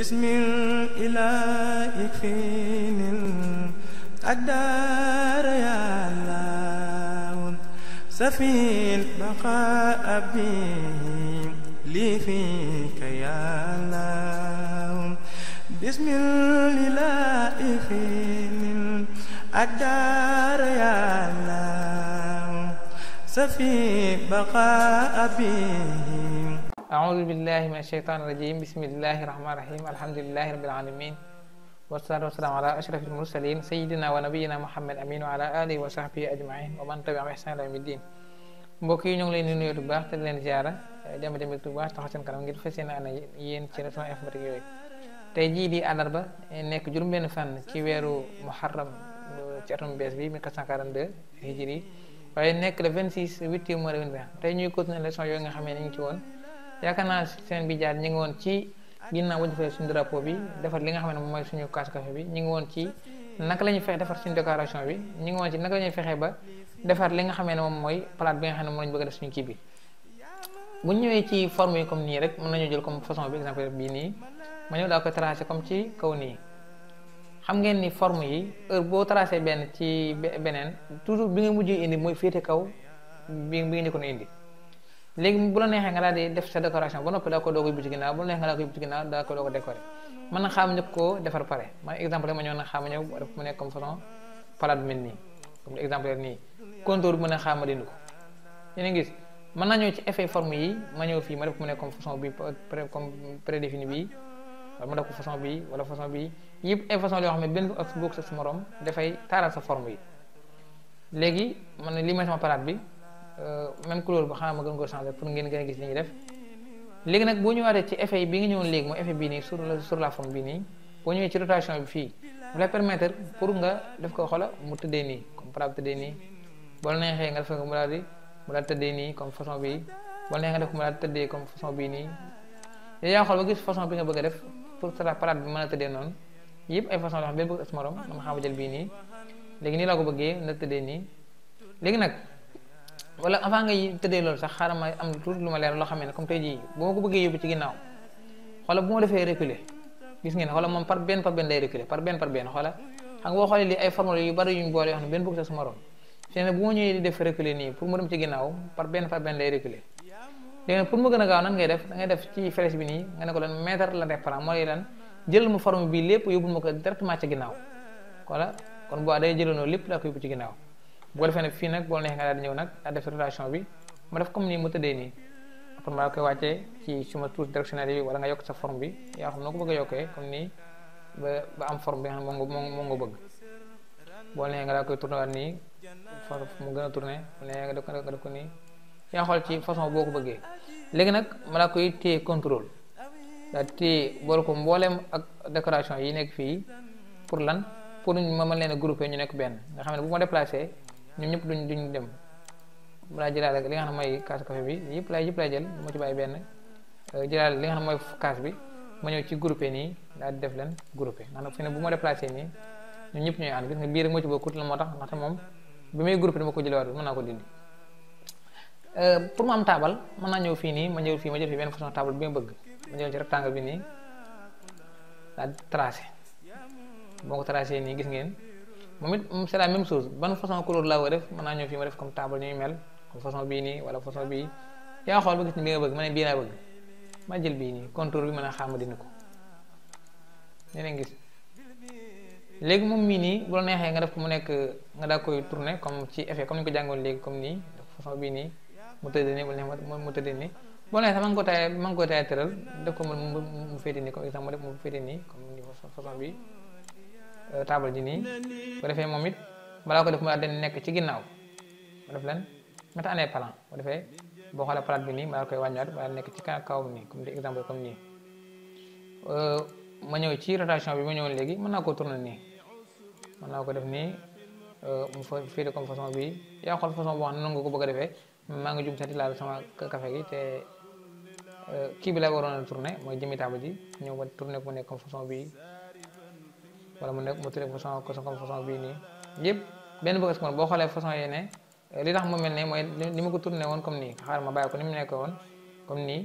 بسم الإله فين القدار يا الله سفي بقاء ابي لي فيك يا الله بسم الإله فين القدار يا الله سفي بقاء ابي أعوذ بالله من الشيطان الرجيم بسم الله الرحمن الرحيم الحمد لله رب العالمين والصلاة والسلام على أشرف المرسلين سيدنا ونبينا محمد أمين وعلى آله وصحبه أجمعين ومن تبعهم بإحسان إلى يوم yi ñu ngi leen di nuyu bu te leen ziara jàmm dem bu baax taxaw seen kanam ngir ana yéen ci réseau informatique yooyu tey di àllarba nekk juróom-benn fànn ci weeru muharram ci atum bees bi 1442 hijri waaye nekk le 26 8 mois 2020 ñuy continuer leçon nga ci kan na seen bi jaar ñi ngi won ci ginnaw bu ñu suñu drapeau bi defar li nga xam moy suñu kaas café bi ñi ngi won ci nak lañu ñuy fexe defar suñu décoration bi ñi ngi won ci nak lañu fexé ba defar li nga xam mom moy plate bi nga xam mo lañu bëgg def suñu ki bi bu ñëwé ci forme yi comme ni rek mëna ñu jël comme façon bi exemple bi ni ma ñëw da ko tracer comme ci kaw ni xam ngeen ni forme yi heure bo tracer ben ci benen toujours bi nga mujjé indi moy fété kaw bi bi nga njëkkoon indi léegi bu la neexee nga daal di def sa décoration ba noppi daa ko doog a yóbbu ci ginnaaw bu la neexee nga daa ko yóbbu ko doog a na xaam ñëpp koo defar pare man exemple rek ma ñëw na xaama def mu nekk comme façon palaat bu mel nii comme exemple rek nii contour bi mën a xaama ko yéen a ngi gis mën naa ñëw ci effet forme yi ma ñëw fii ma def mu nekk comme façon bi comme prédéfini bii wala ma def ko façon bi wala façon bi yëpp ay façon yoo xam ne benn ak bokk sa morom dafay taaral sa forme yi léegi man li may sama palaat bi Euh, même couleur ba xanaa ma gën koo changé pour ngeen gën a gis li ñuy def léegi nag boo ñu ñëwaatee ci effet bi nga ñëwoon léegi mooy effet bii nii sur la sur la forme bii nii boo ñëwee ci rotation bi fii mu la permettre pour nga def ko xoola mu tëddee nii comme par exemple tëddee nii boo la neexee nga def ko mu daal di nii comme façon bii boo la neexee ko mu daal tëddee comme façon bii nii yow yaa xool ba gis bi nga bëgg a def pour sa parade bi mën a tëddee noonu yëpp ay façon yoo xam benn bëgg as morom man ma xam jël bii nii léegi nii laa ko bëggee na tëddee nii léegi nag wala avant nga tedde lol sax xaaral ma am tout luma leer lo xamene comme tey jii bu ko bëggee yóbbu ci ginnaw xola bu mo defé reculer gis ngeen xola mom par ben par ben lay reculer par ben par ben xola xam bo xolé li ay formule yu bari yuñ boole wax xam ne benn bëgg sax su morom fi bu mo ñëwee di def reculer ni pour mo dem ci ginnaw par ben par ben lay reculer léegi pour mo gëna gaaw nan ngay def da ngay def ci flèche bi ni nga ne ko lan mètre la def réparant mooy lan jël mu forme bi lepp yobul mako directement ci ginnaw xola kon bu day jëlanoo lepp la ko yóbbu ci ginnaw bo ko fi nak bo nag nga daal ñew nak da def rotation bi ma def comme ni mu tëddee ni après ma koy waccé ci suma tour directionnelle bi wala nga yok sa forme bi ya xam noo bëgg yoké comme ni ba ba am forme bi nga mo moom nga moom nga bëgg bo neexee nga daal koy tourner waat nii fa mu gëna tourner tourné mu neexee nga def ko nga ko ni ya xol ci façon boko bëggé légui nak ma la koy téye contrôle da té boole ko mbolém ak décoration yi nekk fi pour lan pour ñu mën leen a groupé ñu nekk ben nga xamné bu ma déplacer ñom ñep duñ duñ dem mu laa jëlaale li nga xam moy kaasu café bi yëpp lay yëpp lay jël moo ci bàyyi benn euh, jëlaale li nga xam moy kaas bi ma ñew ci groupé ni da def len groupé maanaam fi ne bu ma déplacé nii ñoom ñëpp ñooy ànd gis nga biir mo ci bokkut la motax ndax mom moom bi may groupé dama ko jël war naa ko dindi euh, pour ma am table mën naa ñëw fii nii ma ñew fi ma jël fi ben façon table bi ma bëgg ma ñew ci rectangle bi ni da tracé boo tracé gis ngeen moom it c'est la même chose ban façon couleur laa ko def mën naa ñëw fii ma def comme table ñuy mel comme façon bii nii wala façon bii yaa xool ba gis ni ma ne bii laa bëgg ma jël bii nii contour bi mën nii bu la nga def ko mu nekk nga daa koy tourner comme ci effet comme ni ko jàngoon léegi comme nii façon bii nii mu tëdd nii bu la neexee mu tëdd nii boo nee sax ma ngi ko taay ma ngi ko taay tëral def ko mu mu féete nii comme exemple façon bi Eh, table ji ni bu defé momit bala ko def mu daal nek ci ginnaw mu def leen meta ané plan bu defé bo xala plan bi ni ma koy wagnat ba nek ci kaw ni nii comme exemple comme ni euh ma ñew ci rotation bi ma ñëwoon léegi man nako tourner ni man nako def ni euh mu fa fii de comme façon bi ya xol façon bo xam nga ko bëgg defé ma nga jum sati la sama café gi té euh ki bi la waroon tourner moy jëmi table ji ñew ba tourner ko nek comme façon bi wala mu nek mu tuddee façon façon comme façon bi ni yeb ben bëgg si bo xalé façon yi ne li tax mu melni moy ni ma ko tourné won comme ni xaar ma bay ko ni mu nek won comme ni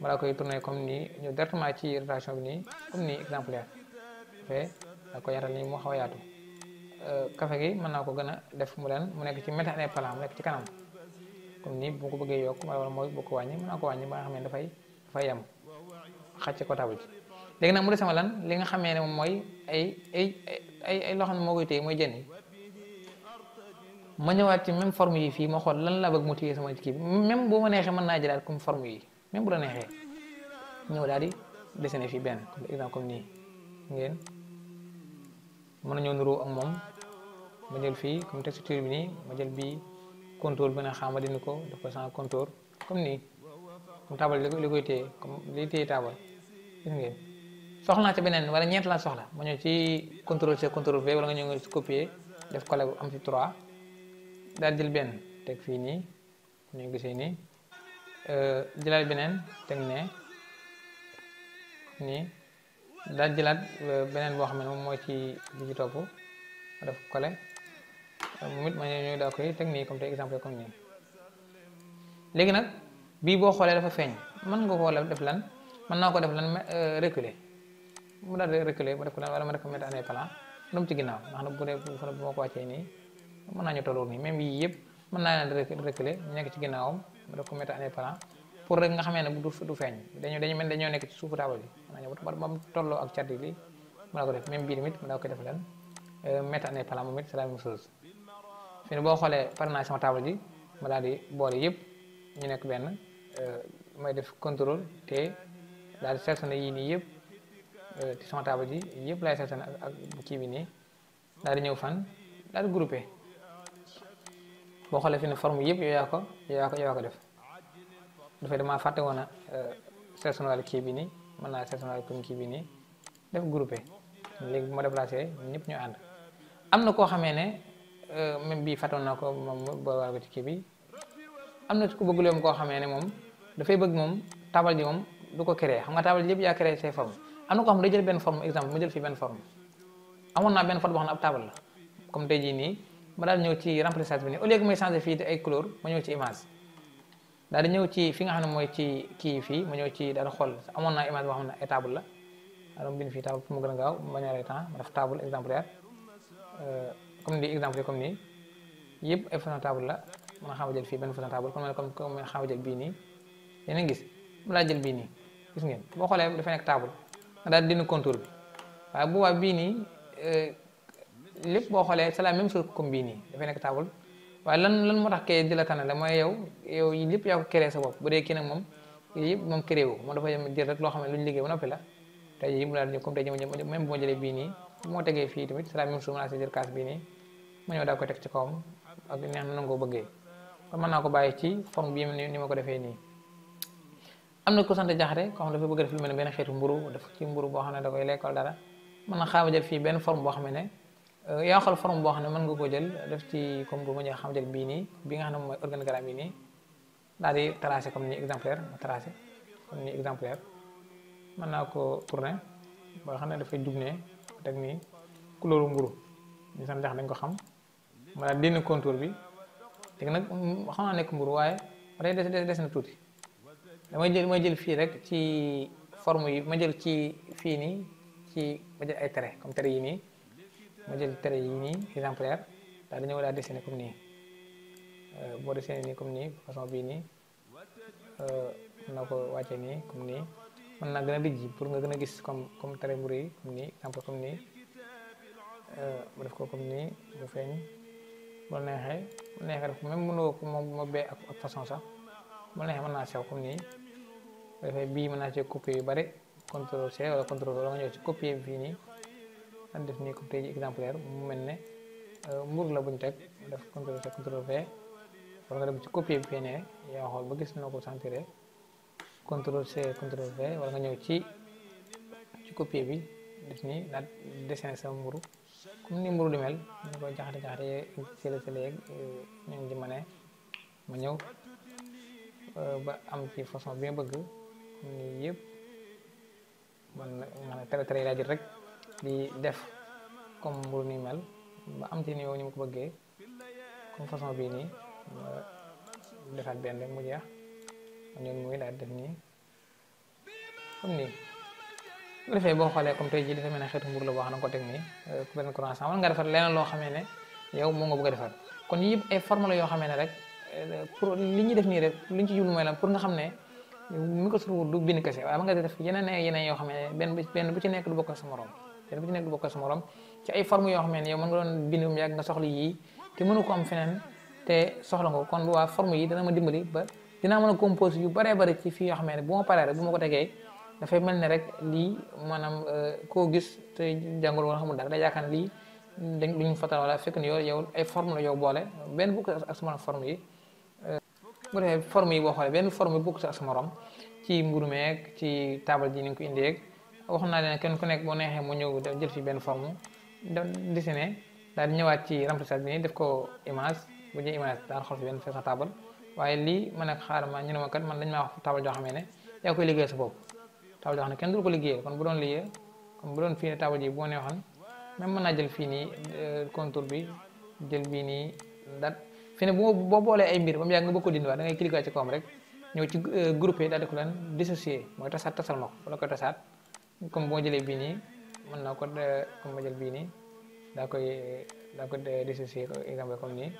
ma la koy tourné comme ni ñu directement ci rotation bi ni comme exemple ya fe da ko yaatal ni mu xaw yaatu euh café gi man na ko gëna def mu len mu nek ci métti ay plan nek ci kanam comme ni bu ko bëggee yok wala moy bu ko wañi man na ko wañi ba nga xam ne fay dafay yem ko table léegi nag mu des ma lan li nga xamee ne moom mooy ay ay ay ay loo ne moo koy téye mooy jën yi ma ñëwaat ci même forme yi fii ma xool lan la bëgg mu téye sama kii même bu ma neexee mën naa jëlaat comme forme yi même bu la neexee ñëw daal di dessiné fii benn comme nii ngeen mën nañoo nuroo ak moom ma jël fii comme texture bi nii ma jël bii contour bi nga xam ma dindi ko def ko sans contour comme nii comme taabal li koy téye comme liy téye taabal soxla ci benen wala ñeent la soxla mo ñu ci contrôle C contrôle V wala nga ñu nga copier def collé am ci 3 dal jël benn teg fii nii ñu gisee euh jëlal benen tek ne ni dal jëlat euh, benen bo xamne ne moy ci bi ci topp ma def collé euh, moom it ma ñu da koy tek ni comme tey exemple comme ni légui nak bi bo xolé dafa feñ man nga koo def lan man nako def lan euh, reculer mudah daal di reculer ma def ko daan wala ma def ko mettre année plan dem ci ginnaaw ndax nag bu dee bu ma ko wàccee nii mën naa ñu tolloon nii même yii yëpp mën naa leen reculer ñu nekk ci ginnaawam ma def ko mettre année plan pour rek nga xamee ne du du feeñ dañu dañu mel dañoo nekk ci suufu taabal bi mën naa ñëw ba ak cat li mën ko def même bii tamit mën ko def leen mettre année plan moom it c'est fi boo xoolee pare sama taabal ji ma di boole yëpp ñu nekk benn may def contrôle te daal di Euh, ci sama taabal ji yëpp laay seetaan ak kii bi nii daal di ñëw fan daal di groupé boo xoolee fi ne forme yëpp yow yaa ko yow yaa ko yow yaa ko def dafay damaa fàtte woon a euh, seetaan kii bi nii mën naa seetaan comme kii bi nii def groupe léegi bu ma déplacé ñëpp ñu ànd am na koo xamee ne euh, même bii fàttoon naa ko moom boo ko ci kii bi am na ku bëgguleem koo xamee ne moom dafay bëgg moom taabal ji moom du ko créé xam nga taabal ji yëpp yaa créé say forme anu ko am day jël ben forme exemple mu jël fi ben forme amon na ben forme boo xam ne ab table la comme tay ji ni ma dal ñew ci remplissage bi ni au lieu que may changé fii ay couleur ma ñew ci image dal ñew ci fi nga xam moy ci ki fi ma ñew ci dal xol amon na image bo xam ne table la alors bin fi table mu gëna gaaw ma ñaré temps ma def table exemple euh comme ni exemple comme ni yëpp ay fa table la ma xam jël fi ben fa table comme comme mën a jël bi ni yéen gis mu la jël bi ni gis ngeen boo xoolee dafay nek table daal dina contour bi waaye bu boobaa bii nii lépp boo xoolee c'est la même chose comme bii nii dafay nekk table waaye lan lan moo tax kay di la tànnale mooy yow yow yi lépp yaa ko créé sa bopp bu dee kii nag moom yëpp moom créé wu moom dafa yem jël rek loo xam ne lu ñu liggéey ba noppi la tey yi mu daal di comme tey jii ma jëm même bu ma jëlee bii nii bu ma tegee fii tamit c'est la même chose ma naa si jël kaas bii nii ma ñëw daa ko teg ci kawam ak neex na nga ko bëggee kon mën naa ko bàyyi ci forme bii ni ma ko defee nii amna ko sante jaxare ko koo xam bëgg a def lu mel ne mburu def ci mburu bo xam da koy lekkal dara man na xaawa jël fi ben form bo xam eh, ya xal form bo boo man nga ko jël def ci comme bu ma ñëw xam jël bi ni bi nga xam moy mooy organigramme yi nii di tracé comme ni exemplaire tracé comme ni exemplaire man na ko tourner bo xam da fay dugné tek ni couleur mburu ni sante jax dañ ko xam man na dindi contour bi tek nak mm, xamna nek mburu waye waaye day des des na tuuti damay jël ma jël fii rek ci forme yi ma jël ci fii nii ci ma jël ay traits comme traits yi nii ma jël traits yi nii exemplaire daal dañoo war a dessiné comme nii euh, boo dessiné nii comme nii façon bii nii mën euh, na ko wàcce nii comme nii mën naa gën a dijji pour nga gën a gis comme comme trait mu rëy comme nii exemple comme nii euh, ma def ko comme nii bu feeñ bu neexee bu neexee def ko même mënoo ko moom ma bee ak façon sax bu neexee mën naa sew comme nii defee bii mën naa cee yu bare contrôle C wala ci copier bi fii nii def nii comme tey mel ne euh, mbuur la buñ teg def contrôle C contrôle V ci copier bi fii ne yaa xool ba ko centré contrôle C contrôle ñëw ci ci bi def nii daal dessin sa mburu comme ni mburu di mel ñu koy jaxate jaxate sële sële yeeg ñoom ji ma ne ma ñëw euh, ba am ci façon bi nga bëgg ñii yëpp man man tere tere yi laa jël rek di def comme mburu ni mel ba am ci niveau ko bëggee comme façon nii ma defaat benn rek mu jeex ñoom mu ngi daal def nii comme nii bu defee boo xoolee comme tey jii dafa mel ne xeetu mburu la boo xam ne ko teg nii euh, nga defar leneen loo xame ne yow moo nga bëgg a defar kon yëpp ay forme yoo xamee ne rek euh, pour li ñuy def nii rek li ñu ci jublu mooy lan pour nga xam ne mi ko suru du bin kasse am nga def yenen ay yenen yo xamne ben ben bu ci nek du bokk sama rom ben bu ci nek du bokk sama rom ci ay forme yo xamne yow mën nga don bind mu nga soxla yi te mënu ko am fenen te soxla nga kon bu wa forme yi dana ma dimbali ba dina mën compose yu bare bare ci fi yo xamne bu ma paree rek bu mako ko da fay melni rek li manam euh, ko gis te jangul wala xamul dara da yakane li dañ duñ fatal wala fekk ni yow ay forme la yow bolé ben bu ko ak sama forme yi bu defee forme yi boo xoolee benn forme bokkut ak sa morom ci mburu meeg ci table ji ni nga ko indee wax naa leen kenn ku nekk boo neexee mu ñëw jël fi benn formu dem dessiné daal di ñëwaat ci remplissage bi nii def ko image bu jëlee image daal xool fi benn fees table waaye lii man ak xaar ma ñu ne ma kat man dañ maa wax table joo xam ne yaa koy liggéeyal sa bopp table joo xam ne kenn du ko liggéeyal kon bu doon liggéey kon bu doon fii ne table ji boo neexoon même mën naa jël fii nii euh, contour bi jël bii nii date fi ne bo boo boolee ay mbir bam mu yàgg nga bëgg ko dindiwaat da ngay cliquer ci koom rek ñëw ci groupé yi daal di ko leen dissocier moy tassat tassal mako wala ko tassat comme bo jëlé bi ni mën na ko comme ma jël bi ni da koy da ko dissocier exemple comme ni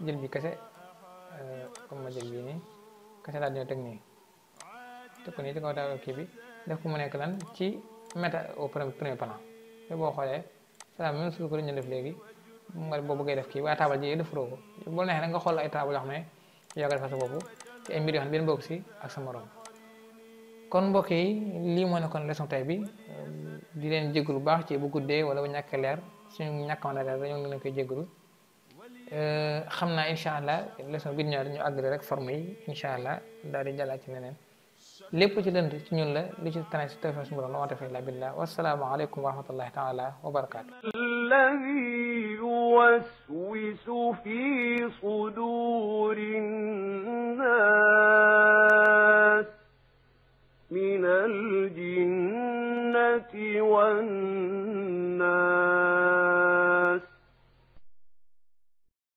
jël bi euh comme ma jël bi ni kese daal di tek ni nii ko eh, ni ci ko da kii bi def ko mu nek lan ci meta au premier plan te boo xoolee c'est la même chose ko ñu def légui nga boo bëggee def kii waaye taabal ji defaroo ko boo neexee nag nga xool ay taabal yoo xam defal sa bopp ci ay mbir yoo benn bokk si ak sa morom kon mbokk yi lii moo nekkoon leçon tay bi di leen jégalu bu baax ci bu guddee wala bu leer suñu ñàkk a mën a leer dañoo ngi leen euh, xam naa incha allah leçon bi ñëwaat ñu àggale rek forme yi incha allah daal di jàllaat ci neneen lépp ci lënd ci ñun la li ci tane si tawfeex suñu borom la wante fay la billah wasalaamu aleykum wa rahmatullahi wa barakaatu يوسوس في صدور الناس من الجنة والناس